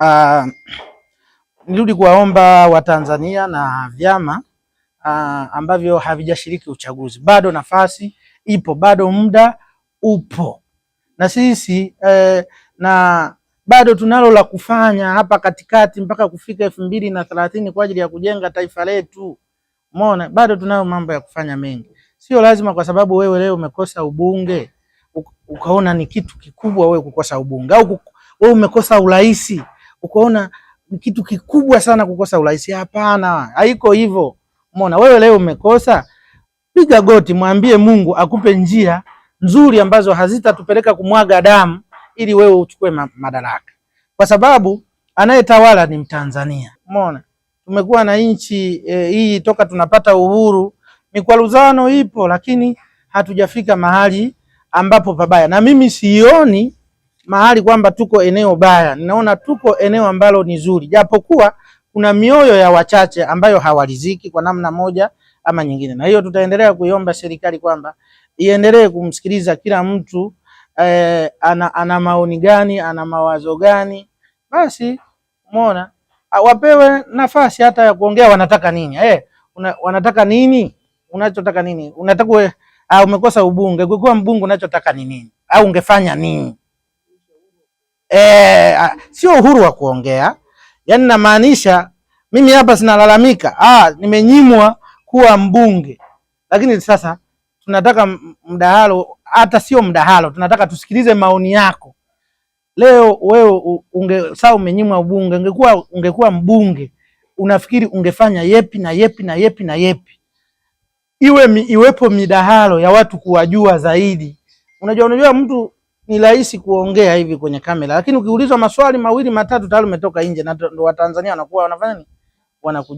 Uh, nirudi kuwaomba Watanzania na vyama uh, ambavyo havijashiriki uchaguzi, bado nafasi ipo, bado muda upo na sisi eh, na bado tunalo la kufanya hapa katikati mpaka kufika elfu mbili na thelathini kwa ajili ya kujenga taifa letu. Umeona, bado tunayo mambo ya kufanya mengi. Sio lazima kwa sababu wewe leo umekosa ubunge ukaona ni kitu kikubwa wewe kukosa ubunge au wewe umekosa urais ukaona kitu kikubwa sana kukosa urahisi. Hapana, haiko hivyo. Umeona wewe leo umekosa, piga goti, mwambie Mungu akupe njia nzuri ambazo hazitatupeleka kumwaga damu ili wewe uchukue madaraka, kwa sababu anayetawala ni Mtanzania. Umeona tumekuwa na nchi e, hii toka tunapata uhuru, mikwaruzano ipo, lakini hatujafika mahali ambapo pabaya, na mimi sioni mahali kwamba tuko eneo baya, ninaona tuko eneo ambalo ni zuri, japokuwa kuna mioyo ya wachache ambayo hawaliziki kwa namna moja ama nyingine, na hiyo tutaendelea kuiomba serikali kwamba iendelee kumsikiliza kila mtu eh, ana, ana maoni gani, ana mawazo gani, basi umeona, wapewe nafasi hata ya kuongea wanataka nini eh, una, wanataka nini, unachotaka nini, unataka umekosa ubunge, ukikuwa mbunge unachotaka ni nini, au ungefanya nini? eh, ah, sio uhuru wa kuongea. yani namaanisha mimi hapa sinalalamika, ah, nimenyimwa kuwa mbunge, lakini sasa tunataka mdahalo, hata sio mdahalo, tunataka tusikilize maoni yako. Leo wewe unge saa umenyimwa ubunge, ungekuwa ungekuwa mbunge, unafikiri ungefanya yepi na yepi na yepi na yepi? Iwe mi, iwepo midahalo ya watu kuwajua zaidi. Unajua, unajua mtu ni rahisi kuongea hivi kwenye kamera, lakini ukiulizwa maswali mawili matatu tayari umetoka nje, na Watanzania wanakuwa wanafanya nini, wanakuja